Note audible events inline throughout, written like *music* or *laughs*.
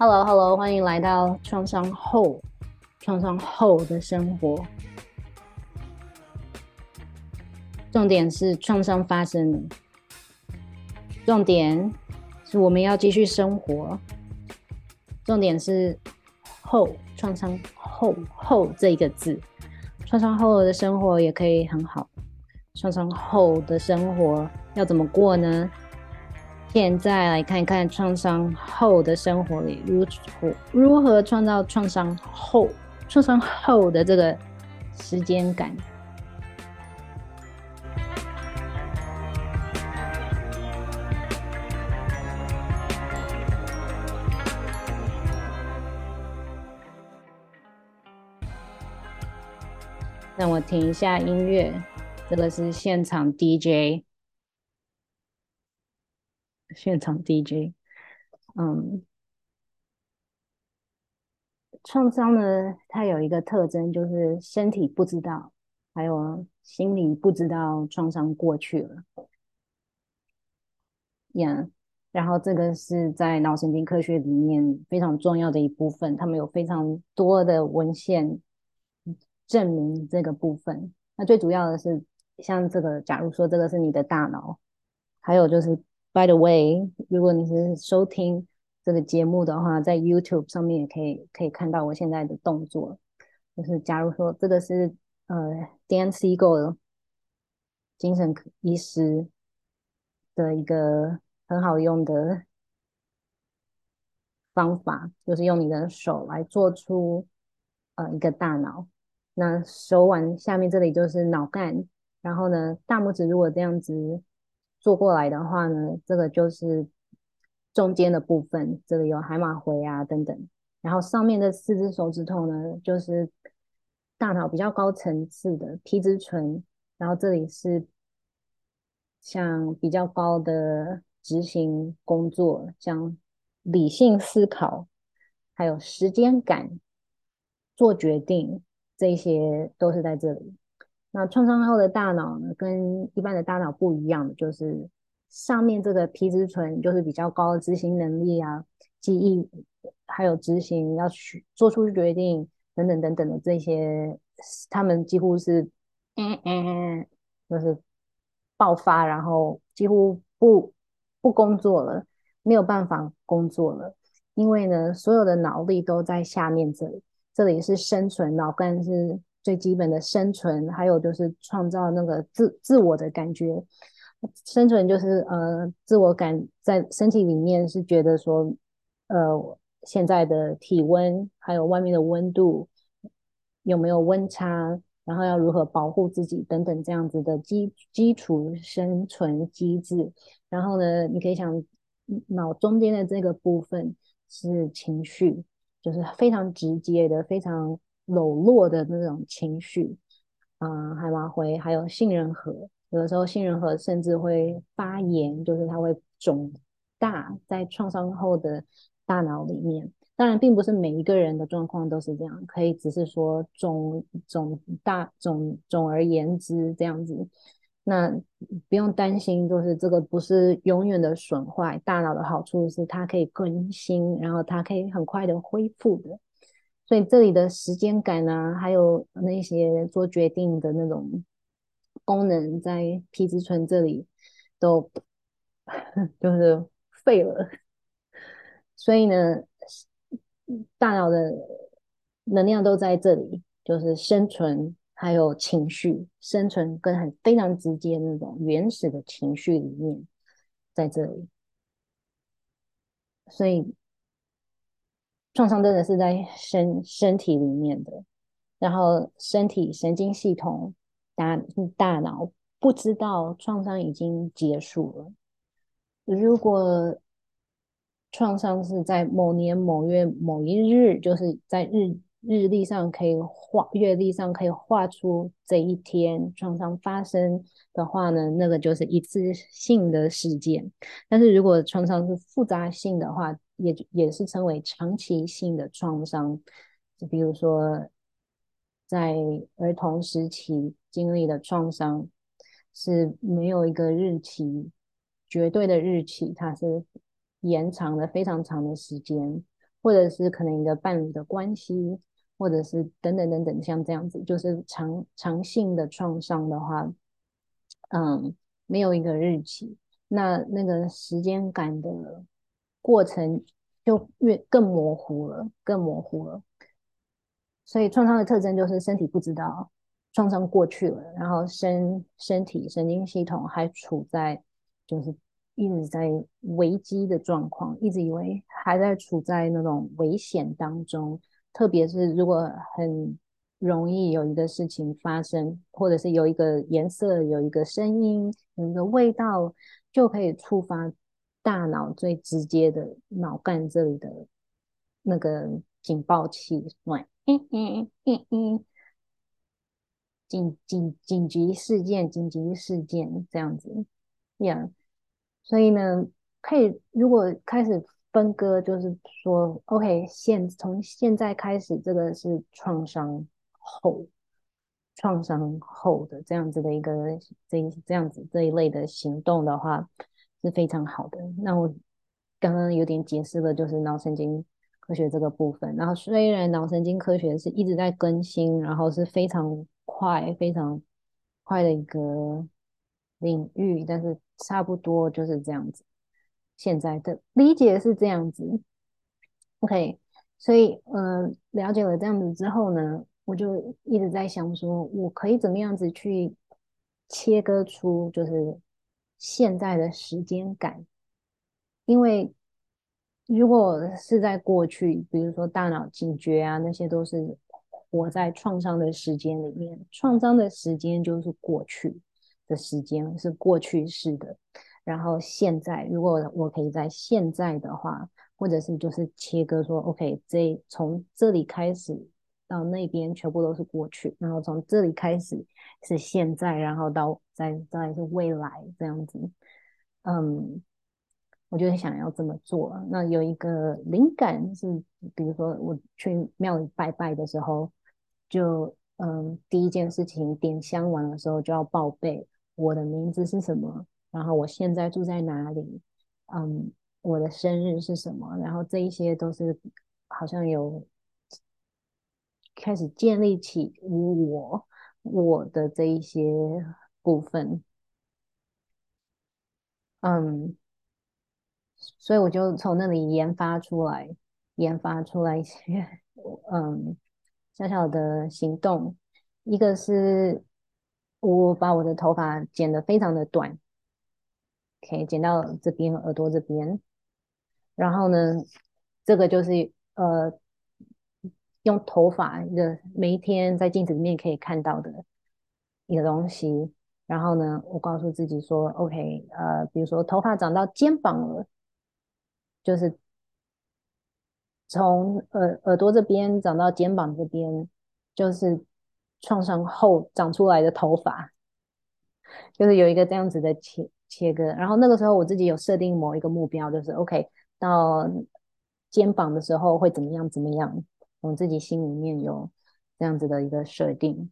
Hello，Hello，hello，歡迎來到創傷後，創傷後的生活。重點是創傷發生了，重點是我們要繼續生活。重點是後，創傷後，後這一個字，創傷後的生活也可以很好。創傷後的生活要怎麼過呢？現在來看一看創傷後的生活裡，如何如何創造創傷後創傷後的這個時間感。讓我停一下音樂，這個是現場 DJ。現場 DJ，嗯，創傷呢，它有一個特徵，就是身體不知道，還有心理不知道創傷過去了。呀、Yeah，然後這個是在腦神經科學裡面非常重要的一部分，他們有非常多的文獻證明這個部分。那最主要的是，像這個，假如說這個是你的大腦，還有就是。By the way，如果你是收聽這個節目的話，在 YouTube 上面也可以可以看到我現在的動作。就是，假如說這個是呃，Dan Siegel 精神科醫師的一個很好用的方法，就是用你的手來做出呃一個大腦。那手腕下面這裡就是腦幹，然後呢，大拇指如果這樣子做過來的話呢，這個就是中間的部分，這裡有海馬回啊等等。然後上面的四隻手指頭呢，就是大腦比較高層次的皮質層，然後這裡是像比較高的執行工作，像理性思考，還有時間感、做決定，這些都是在這裡。那創傷後的大腦呢，跟一般的大腦不一樣的，就是上面這個皮質醇就是比較高的執行能力啊、記憶，還有執行要去做出決定等等等等的這些，他們幾乎是，就是爆發，然後幾乎不不工作了，沒有辦法工作了，因為呢，所有的腦力都在下面這裡，這裡是生存腦幹是。最基本的生存，還有就是創造那個自自我的感覺。生存就是呃，自我感在身體裡面是覺得說，呃，現在的體溫還有外面的溫度有沒有溫差，然後要如何保護自己等等這樣子的基基礎生存機制。然後呢，你可以想腦中間的這個部分是情緒，就是非常直接的，非常。裸露的那種情緒，啊、嗯，海馬回還有杏仁核，有的時候杏仁核甚至會發炎，就是它會腫大在創傷後的大腦裡面。當然，並不是每一個人的狀況都是這樣，可以只是說腫腫大，總總而言之這樣子，那不用擔心，就是這個不是永遠的損壞。大腦的好處是它可以更新，然後它可以很快的恢復的。所以這裡的時間感啊，還有那些做決定的那種功能，在皮質醇這裡都 *laughs* 就是廢了。所以呢，大腦的能量都在這裡，就是生存還有情緒，生存跟很非常直接那種原始的情緒裡面在這裡。所以。創傷真的是在身身體裡面的，然後身體，神經系統，大，大腦，不知道創傷已經結束了。如果創傷是在某年某月某一日，就是在日日曆上可以畫，月曆上可以畫出這一天創傷發生的話呢，那個就是一次性的事件。但是如果創傷是複雜性的話，也也是稱為長期性的創傷，就比如說在兒童時期經歷的創傷是沒有一個日期，絕對的日期，它是延長了非常長的時間，或者是可能一個伴侶的關係，或者是等等等等，像這樣子，就是長長性的創傷的話，嗯，沒有一個日期，那那個時間感的。過程就越，越更模糊了，更模糊了。所以創傷的特徵就是身體不知道創傷過去了，然後身身體神經系統還處在，就是一直在危機的狀況，一直以為還在處在那種危險當中。特別是如果很容易有一個事情發生，或者是有一個顏色、有一個聲音、有一個味道，就可以觸發。大腦最直接的腦幹這裡的那個警報器，嗯嗯嗯嗯，緊緊緊急事件，緊急事件這樣子，Yeah，所以呢，可以如果開始分割，就是說，OK，現從現在開始，這個是創傷後創傷後的這樣子的一個這這樣子這一類的行動的話。是非常好的。那我剛剛有點解釋了，就是腦神經科學這個部分。然後雖然腦神經科學是一直在更新，然後是非常快，非常快的一個領域，但是差不多就是這樣子。現在的理解是這樣子。OK，所以嗯、呃、了解了這樣子之後呢，我就一直在想說，我可以怎麼樣子去切割出就是。現在的時間感，因為如果是在過去，比如說大腦警覺啊，那些都是活在創傷的時間裡面。創傷的時間就是過去的時間，是過去式的。然後現在，如果我可以在現在的話，或者是就是切割說，OK，這從這裡開始。到那邊全部都是過去，然後從這裡開始是現在，然後到再再是未來這樣子。嗯，我就是想要這麼做。那有一個靈感是，比如說我去廟裡拜拜的時候，就，嗯，第一件事情點香完的時候就要報備我的名字是什麼，然後我現在住在哪裡，嗯，我的生日是什麼，然後這一些都是好像有。開始建立起我我的這一些部分，嗯，所以我就從那裡研發出來，研發出來一些，嗯，小小的行動。一個是我把我的頭髮剪得非常的短，可、okay, 以剪到這邊耳朵這邊，然後呢，這個就是呃。用頭髮的，就是，每一天在鏡子裡面可以看到的，一個東西。然後呢，我告訴自己說：“OK，呃，比如說頭髮長到肩膀了，就是從耳耳朵這邊長到肩膀這邊，就是創傷後長出來的頭髮，就是有一個這樣子的切切割。然後那個時候我自己有設定某一個目標，就是 OK 到肩膀的時候會怎麼樣？怎麼樣？”我自己心裡面有這樣子的一個設定，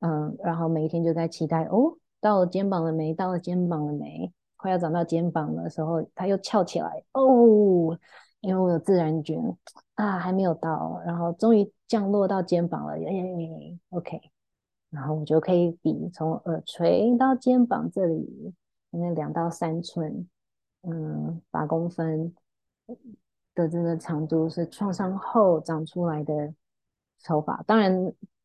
嗯，然後每一天就在期待，哦，到了肩膀了沒？到了肩膀了沒？快要長到肩膀的時候，它又翹起來，哦，因為我有自然卷啊，還沒有到，然後終於降落到肩膀了，耶，耶，耶，耶，OK，然後我就可以比從耳垂到肩膀這裡，那兩到三寸，嗯，八公分。的這個長度是創傷後長出來的頭髮，當然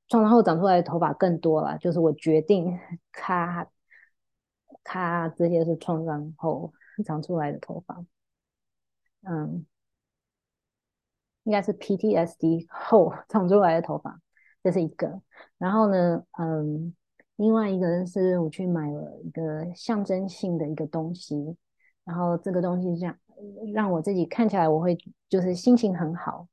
創傷後長出來的頭髮更多了。就是我決定他，咔咔，這些是創傷後長出來的頭髮，嗯，應該是 PTSD 後長出來的頭髮，這是一個。然後呢，嗯，另外一個人是我去買了一個象徵性的一個東西，然後這個東西是這樣。讓我自己看起來我會就是心情很好，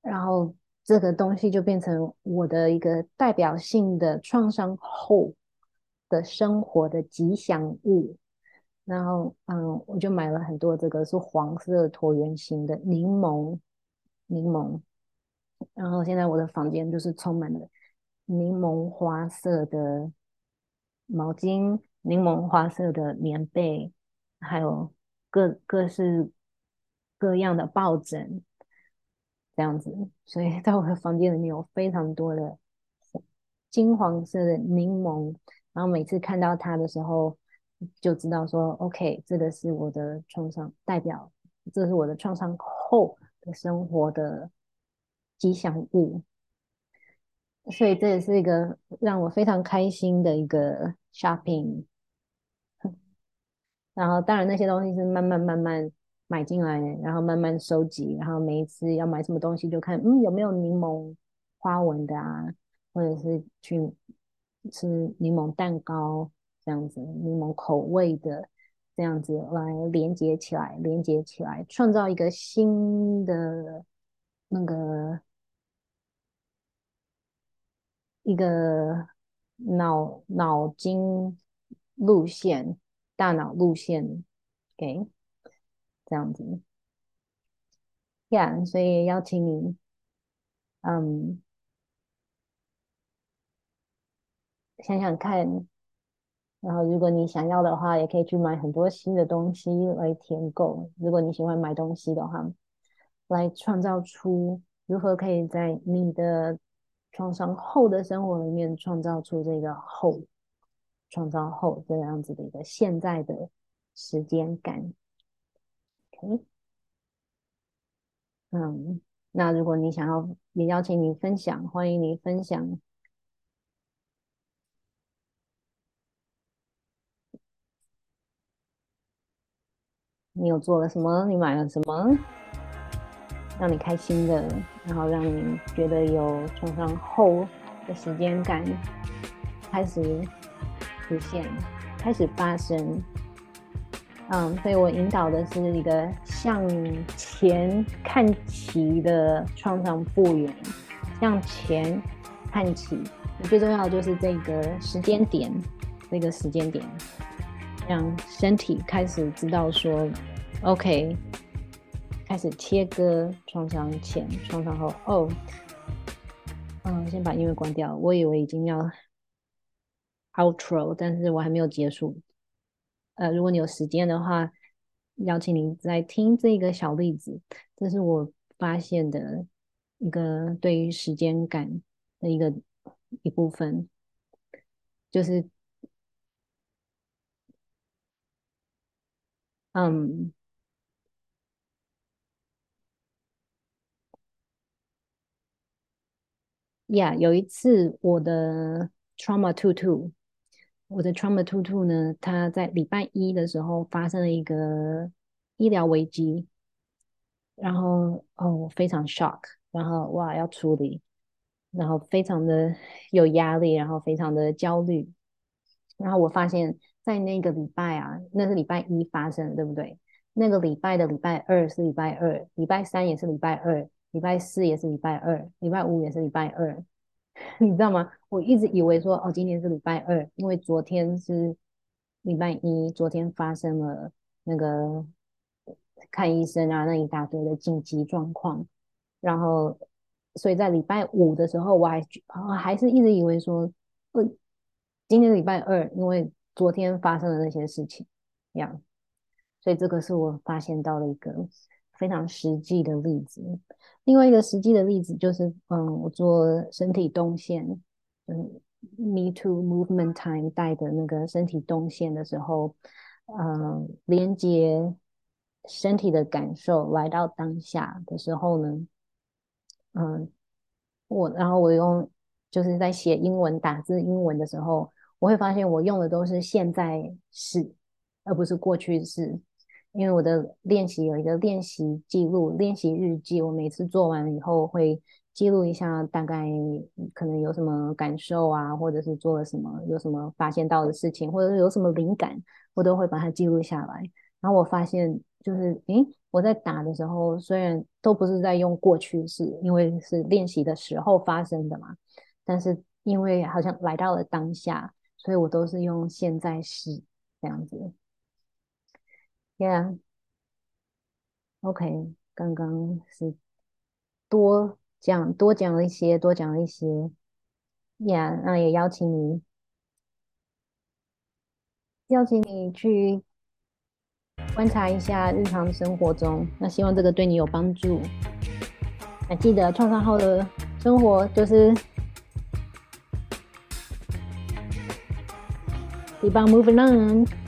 然後這個東西就變成我的一個代表性的創傷後的生活的吉祥物。然後，嗯，我就買了很多，這個是黃色橢圓形的檸檬、檸檬。然後現在我的房間就是充滿了檸檬花色的毛巾、檸檬花色的棉被，還有。各各式各樣的抱枕，這樣子，所以在我的房間裡面有非常多的金黃色的檸檬，然後每次看到它的時候，就知道說，OK，這個是我的創傷代表，這是我的創傷後的生活的吉祥物，所以這也是一個讓我非常開心的一個 shopping。然後，當然那些東西是慢慢慢慢買進來，然後慢慢收集，然後每一次要買什麼東西就看，嗯，有沒有檸檬花紋的啊，或者是去吃檸檬蛋糕這樣子，檸檬口味的這樣子來連接起來，連接起來，創造一個新的那個一個腦腦筋路線。大腦路線，給、okay, 這樣子，Yeah，所以邀請你，嗯，想想看，然後如果你想要的話，也可以去買很多新的東西來填購。如果你喜歡買東西的話，來創造出如何可以在你的創傷後的生活裡面創造出這個後。創造後這樣子的一個現在的時間感，OK，嗯，那如果你想要，也邀請你分享，歡迎你分享。你有做了什麼？你買了什麼？讓你開心的，然後讓你覺得有創造後的時間感，開始。出現，開始發生，嗯，所以我引導的是一個向前看齊的創傷復原，向前看齊。最重要就是這個時間點，那、這個時間點，讓身體開始知道說，OK，開始切割創傷前、創傷後。哦，嗯，先把音樂關掉，我以為已經要。Outro，但是我還沒有結束。呃，如果你有時間的話，邀請您來聽這個小例子，這是我發現的一個對於時間感的一個一部分。就是，嗯，um，Yeah，有一次我的 Trauma to Two。我的 trauma two two 呢，他在禮拜一的時候發生了一個醫療危機，然後哦，我非常 shock，然後哇，要處理，然後非常的有壓力，然後非常的焦慮，然後我發現在那個禮拜啊，那是禮拜一發生，對不對？那個禮拜的禮拜二是禮拜二，禮拜三也是禮拜二，禮拜四也是禮拜二，禮拜五也是禮拜二。 *laughs* 你知道嗎？我一直以為說哦，今天是禮拜二，因為昨天是禮拜一，昨天發生了那個看醫生啊，那一大堆的緊急狀況，然後所以在禮拜五的時候，我還、哦、還是一直以為說不，今天禮拜二，因為昨天發生了那些事情，這樣、yeah.，所以這個是我發現到的一個。非常實際的例子。另外一個實際的例子就是，嗯，我做身體動線，嗯，Me Too Movement Time 帶的那個身體動線的時候，嗯，連接身體的感受來到當下的時候呢，嗯，我然後我用就是在寫英文打字英文的時候，我會發現我用的都是現在式，而不是過去式。因為我的練習有一個練習記錄、練習日記，我每次做完了以後會記錄一下，大概可能有什麼感受啊，或者是做了什麼，有什麼發現到的事情，或者是有什麼靈感，我都會把它記錄下來。然後我發現，就是，誒、欸，我在打的時候，雖然都不是在用過去式，因為是練習的時候發生的嘛，但是因為好像來到了當下，所以我都是用現在式這樣子。Yeah, OK，剛剛是多講多講一些，多講一些。Yeah，那、嗯、也邀請你邀請你去觀察一下日常生活中。那希望這個對你有幫助。還、啊、記得創傷後的生活就是 Keep on moving on。